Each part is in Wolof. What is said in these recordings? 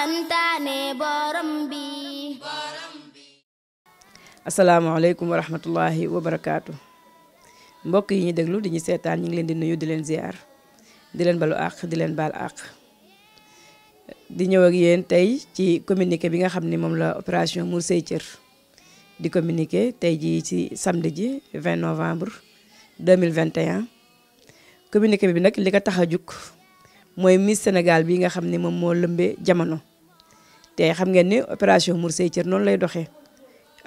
santaane borom bi. wa rahmatullahi wa barakaatu. mbokk yi ñu déglu di ñu seetaan ñu ngi leen di nuyu di leen ziar di leen balu àq di leen baal àq. di ñëw ak yéen tey ci communiqué bi nga xam ni moom la opération Mur Say Cër di communiqué tey ji ci samedi ji 20 novembre 2021 communiqué bi nag li ko tax a jug mooy Miss Sénégal bi nga xam ni moom moo lëmbee jamono te xam ngeen ni opération Mur Say Cër noonu lay doxee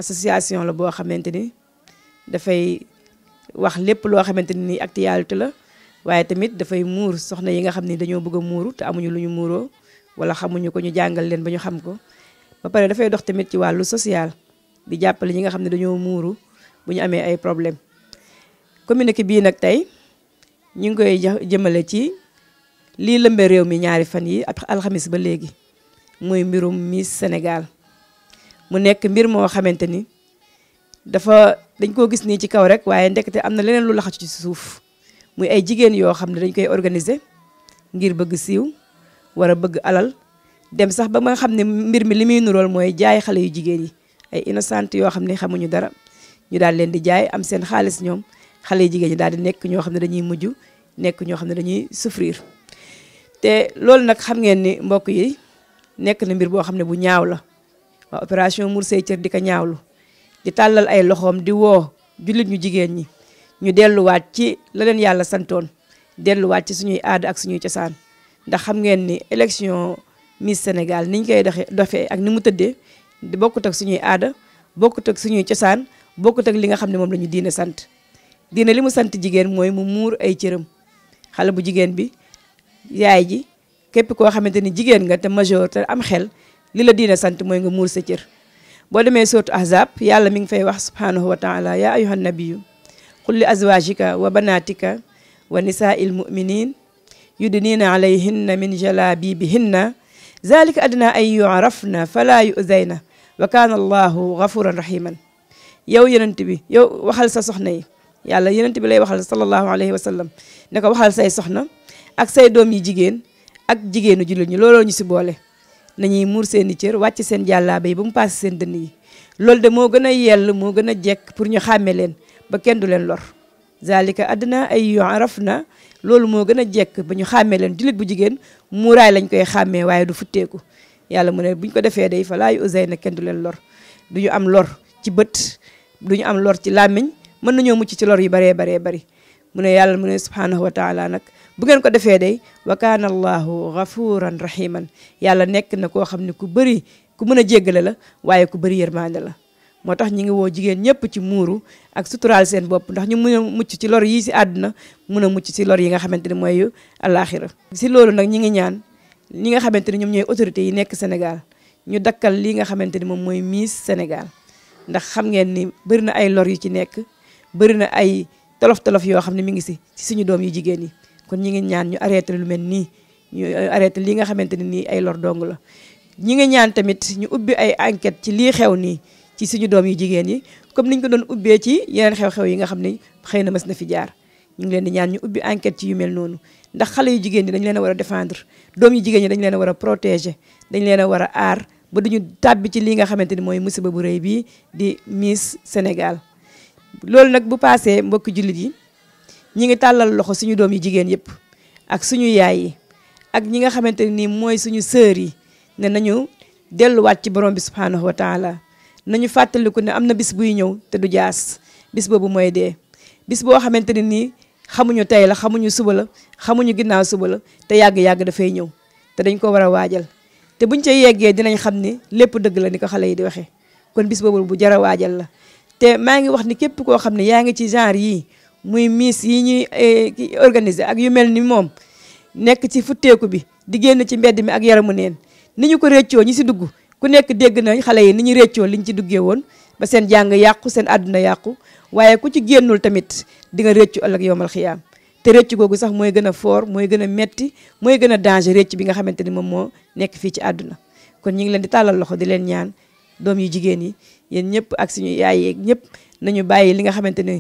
association la boo xamante ni dafay wax lépp loo xamante ni actualité la waaye tamit dafay muur soxna yi nga xam ni dañoo bëgg a muuru te amuñu lu ñu muuroo wala xamuñu ko ñu jàngal leen ba ñu xam ko ba pare dafay dox tamit ci wàllu social di jàppale ñi nga xam ne dañoo muuru bu ñu amee ay problème communiqué bii nag tey ñu ngi koy jëmale ci lii lëmbe réew mi ñaari fan yi ak alxamis ba léegi muy mbirum miis Sénégal mu nekk mbir moo xamante ni dafa dañ koo gis nii ci kaw rek waaye ndekete am na leneen lu laxatu ci suuf muy ay jigéen yoo xam ne dañ koy organiser ngir bëgg siiw war a bëgg alal dem sax ba nga xam ne mbir mi li muy nurool mooy jaay xale yu jigéen yi ay innocente yoo xam ne xamuñu dara ñu daal leen di jaay am seen xaalis ñoom xale yu jigéen ñi daal di nekk ñoo xam ne dañuy mujj nekk ñoo xam ne dañuy souffrir te loolu nag xam ngeen ni mbokk yi nekk na mbir boo xam ne bu ñaaw la waa opération Mur say cër di ko ñaawlu di tàllal ay loxoom di woo jullit ñu jigéen ñi ñu delluwaat ci la leen yàlla santoon delluwaat ci suñuy aada ak suñuy cosaan ndax xam ngeen ni élection Miss Sénégal niñ koy doxe dofee ak ni mu tëddee di bokkut ak suñuy aada bokkut ak suñuy cosaan bokkut ak li nga xam ne moom lañu ñu diine sant diine li mu sant jigéen mooy mu muur ay cëram xale bu jigéen bi yaay ji képp koo xamante ni jigéen nga te majeur te am xel li la diine sant mooy nga muur sa cër boo demee sootu ahzab yàlla mi ngi fay wax subhanahu wa taala ya ayuha nabiyu qul li azwajika wa banatika wa nisaa'il mu'minin yudniina alayhinna min jalaabibihinna zalika adna ay yu'rafna fala yu'zayna wa kaana yow yonent bi yow waxal sa soxna yi yàlla yonent bi lay waxal sallallahu alayhi wa sallam ne ko waxal say soxna ak say doom yi jigéen ak jigéenu jullit ñi looloo ñu si boole nañuy muur seeni i cër wàcc seen jàllaabe yi ba mu paase seen dënn yi loolu de moo gën a yell moo gën a jekk pour ñu xàmmee leen ba kenn du leen lor zalika adna ay yuaraf na loolu moo gën a jekk ba ñu xàmmee leen jullit bu jigéen muuraay lañ koy xàmmee waaye du futteeku yàlla mu ne buñ ko defee day fa laay usay na kenn du leen lor du ñu am lor ci bët du ñu am lor ci làmmiñ mën nañoo mucc ci lor yu baree baree bari mu ne yàlla mu ne subhaanahu wa taala nag bu ngeen ko defee day wa kaana allahu ghafuran rahiman yàlla nekk na koo xam ne ku bëri ku mën a jéggale la waaye ku bëri yërmaande la moo tax ñi ngi woo jigéen ñëpp ci muuru ak suturaal seen bopp ndax ñu mun mucc ci lor yii si àdduna mun a mucc si lor yi nga xamante ne mooy alaaxira si loolu nag ñi ngi ñaan ñi nga xamante ni ñoom ñooy autorités yi nekk senegal ñu dakkal lii nga xamante ni moom mooy Miss Sénégal ndax xam ngeen ni bëri na ay lor yu ci nekk bëri na ay tolof-tolof yoo xam ne mi ngi si si suñu doom yu jigéen yi kon ñu ngi ñaan ñu arrêté lu mel nii ñu euh, arrêté li nga xamante ne nii ay lor dong la ñi nga ñaan tamit ñu ubbi ay enquête ci lii xew nii ci suñu doom yu jigéen yi comme niñ ko doon ubbee ci yeneen xew-xew yi nga xam ni xëy na mës na fi jaar ñu ngi leen di ñaan ñu ubbi enquête ci yu mel noonu ndax xale yu jigéen ñi dañ leen a war a défendre doom yu jigéen ñi dañ leen a war a protéger dañ leen a war a aar ba duñu tàbbi ci li nga xamante ni mooy musiba bu rëy bii di Miss Sénégal loolu nag bu paasee mbokki jullit yi ñi ngi tàllal loxo suñu doom yi jigéen yëpp ak suñu yaay yi ak ñi nga xamante nii mooy suñu sœur yi ne nañu delluwaat ci borom bi subhaanahu wa nañu fàttaliku ne am na bis buy ñëw te du jaas bis boobu mooy dee bis boo xamante ne nii xamuñu tey la xamuñu suba la xamuñu ginnaaw suba la te yàgg-yàgg dafay ñëw te dañ ko war a waajal te buñ ca yeggee dinañ xam ni lépp dëgg la ni ko xale yi di waxee kon bis boobu bu jar a waajal la te maa ngi wax ni képp koo xam ne yaa ngi ci genre yii muy miss yi ñuy eh, organiser ak yu mel ni moom nekk ci futteeku bi di génn ci mbedd mi ak yaramu neen ni ñu ko réccoo ñi si dugg ku nekk dégg na xale yi ni ñu réccoo liñ ci duggee woon ba seen jàng yàqu seen àdduna yàqu waaye ku ci génnul tamit di nga réccu ëllëg yowmal xiyaam te récc googu sax mooy gën a foor mooy gën a metti mooy gën a danger récc bi nga xamante ni moom moo nekk fii ci àdduna kon ñu ngi leen di tàllal loxo di leen ñaan doom yu jigéen yi yéen ñëpp ak suñu yaay yeeg ñëpp nañu bàyyi li nga xamante ne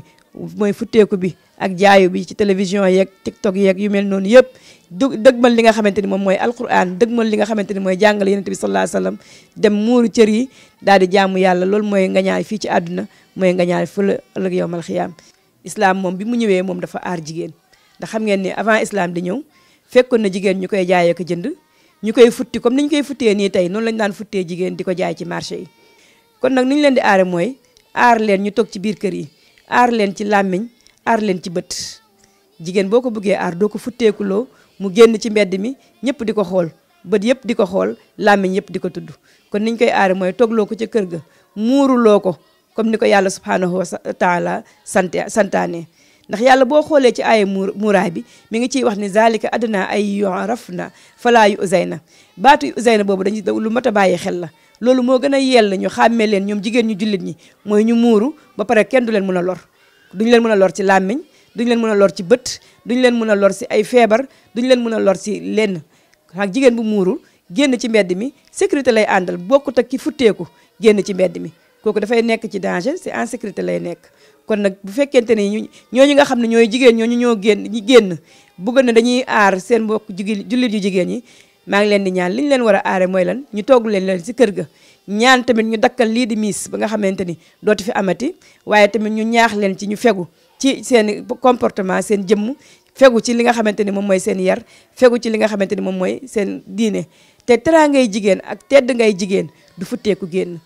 mooy futteeku bi ak jaayu bi ci télévision yeeg tiktok yeeg yu mel noonu yëpp du dëgmal li nga xamante ni moom mooy alquran dëgmal li nga xamante ni mooy jàngale yonent bi sallallahu alayhi wasallam dem muuru cër yi daal di jaamu yàlla loolu mooy nga ñaay fii ci àdduna mooy nga ñaay fële ëllëg yowmal xiyaam islam moom bi mu ñëwee moom dafa aar jigéen da xam ngeen ni avant islam di ñëw fekkoon na jigéen ñu koy jaayee ko jënd ñu koy futti comme ñu koy futtee nii tey noonu lañ daan futtee jigéen di ko jaay ci marché yi kon nag ni ñu leen di aare mooy aar leen ñu toog ci biir kër yi aar leen ci làmmiñ aar leen ci bët jigéen boo ko bëggee aar doo ko futteekuloo mu génn ci mbedd mi ñëpp di ko xool bët yëpp di ko xool làmmiñ yëpp di ko tudd kon niñ koy aare mooy toogloo ko ca kër ga muuruloo ko comme ni ko yàlla subhaanahu wa taala sante santaane ndax yàlla boo xoolee ci aaya muraay bi mi ngi ciy wax ni zalika adna ay yoraf na falaa yu usay na baatu yu usay boobu dañuy lu mat a bàyyi xel la loolu moo gën a yell ñu xàmmee leen ñoom jigéen ñu jullit ñi mooy ñu muuru ba pare kenn du leen mën a lor duñu leen mën a lor ci làmmiñ duñu leen mën a lor ci bët duñu leen mën a lor si ay feebar duñu leen mën a lor si lenn ak jigéen bu muuru génn ci mbedd mi sécurité lay àndal bokkut ak ki futteeku génn ci mbedd mi kooku dafay nekk ci danger ci insécurité lay nekk kon nag bu fekkente ne ñu ñooñu nga xam ne ñooy jigéen ñooñu ñoo génn ñi génn bëggoon na dañuy aar seen mbokk jigéen jullit yu jigéen ñi maa ngi leen di ñaan li ñu leen war a aare mooy lan ñu togg leen leen ci kër ga ñaan tamit ñu dakkal lii di miis ba nga xamante ni dootu fi amati waaye tamit ñu ñaax leen ci ñu fegu ci seen comportement seen jëmm fegu ci li nga xamante ni moom mooy seen yar fegu ci li nga xamante ni moom mooy seen diine te teraangay jigéen ak tedd ngay jigéen du futteeku génn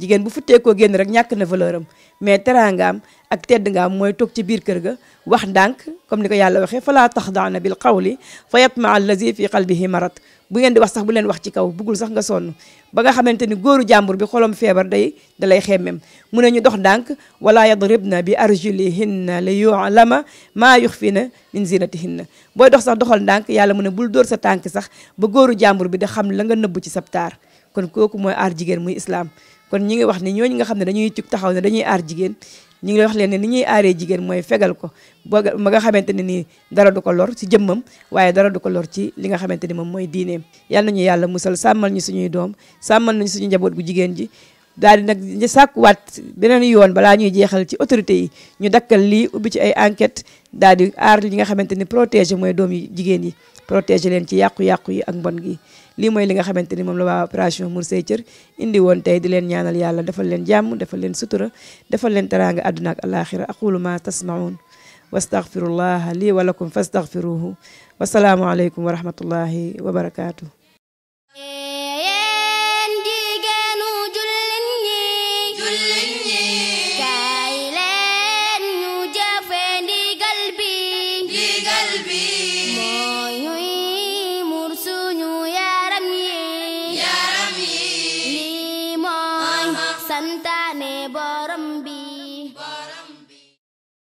jigéen bu koo génn rek ñàkk na valeur am mais teraangaam ak tedd ngaam mooy toog ci biir kër ga wax ndànk comme ni ko yàlla waxee falaa taxdaana bil qawli fa yatmaa allazi fi qalbihi marad bu ngeen di wax sax bu leen wax ci kaw bëggul sax nga sonn ba nga xamante ni góoru jàmbur bi xolom feebar day dalay xemmem mu ne ñu dox ndànk wala yadribna bi arjulihinna li yu'lama maa yuxfina min zinatihinna booy dox sax doxal ndànk yàlla mu ne bul dóor sa tànk sax ba góoru jàmbur bi da xam la nga nëbb ci sab taar kon kooku mooy aar jigéen muy islaam kon ñi ngi wax ni ñooñu nga xam ne dañuy jug taxaw ne dañuy aar jigéen ñi ngi wax leen ne ni ñuy aaree jigéen mooy fegal ko ba nga xamante ne nii dara du ko lor ci jëmmam waaye dara du ko lor ci li nga xamante ni moom mooy diineem yal nañu yàlla musal sàmmal ñu suñuy doom sàmmal nañu suñu njaboot gu jigéen ji daal di nag ñu sàkkuwaat beneen yoon balaa ñuy jeexal ci autorité yi ñu dakkal lii ubbi ci ay enquête daal di aar li nga xamante ni protéger mooy doom yi jigéen yi protéger leen ci yàqu-yàqu yi ak mbon gi lii mooy li nga xamante ni moom la waa opération Mor Say Thieur indi woon tey di leen ñaanal yàlla defal leen jàmm defal leen sutura defal leen teraanga àdduna ak alaaxira aqulu ma tasmaun wastaghfirullaha lii wa lakum fastaghfiruhu wasalaamu aleykum wa rahmatullahi wa barakaatu.